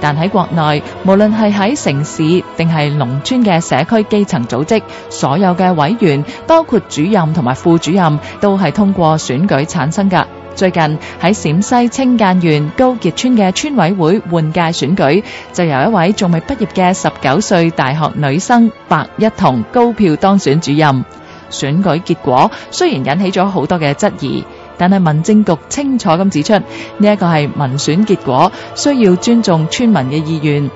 但喺國內，無論係喺城市定係農村嘅社區基層組織，所有嘅委員，包括主任同埋副主任，都係通過選舉產生㗎。最近喺陝西清澗縣高傑村嘅村委會換屆選舉，就有一位仲未畢業嘅十九歲大學女生白一彤高票當選主任。選舉結果雖然引起咗好多嘅質疑。但係民政局清楚咁指出，呢一個係民選結果，需要尊重村民嘅意願。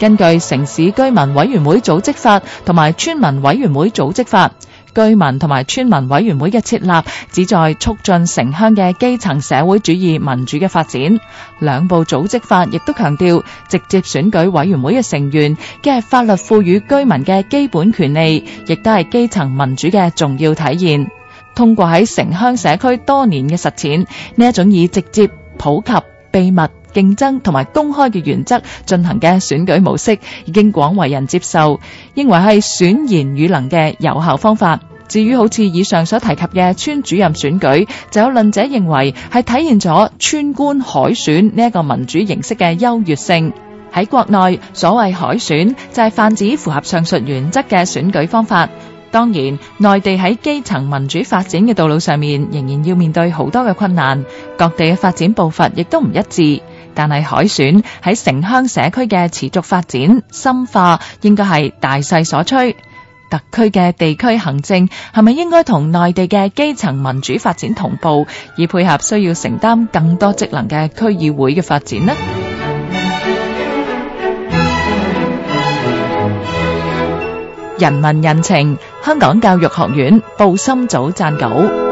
根據《城市居民委員會組織法》同埋《村民委員會組織法》，居民同埋村民委員會嘅設立，旨在促進城鄉嘅基層社會主義民主嘅發展。兩部組織法亦都強調，直接選舉委員會嘅成員既係法律賦予居民嘅基本權利，亦都係基層民主嘅重要體現。通過喺城鄉社區多年嘅實踐，呢一種以直接、普及、秘密、競爭同埋公開嘅原則進行嘅選舉模式，已經廣為人接受，認為係選賢與能嘅有效方法。至於好似以上所提及嘅村主任選舉，就有論者認為係體現咗村官海選呢一個民主形式嘅優越性。喺國內，所謂海選就係泛指符合上述原則嘅選舉方法。當然，內地喺基層民主發展嘅道路上面，仍然要面對好多嘅困難，各地嘅發展步伐亦都唔一致。但係海選喺城鄉社區嘅持續發展深化，應該係大勢所趨。特區嘅地區行政係咪應該同內地嘅基層民主發展同步，以配合需要承擔更多職能嘅區議會嘅發展呢？人民人情，香港教育學院布心組撰稿。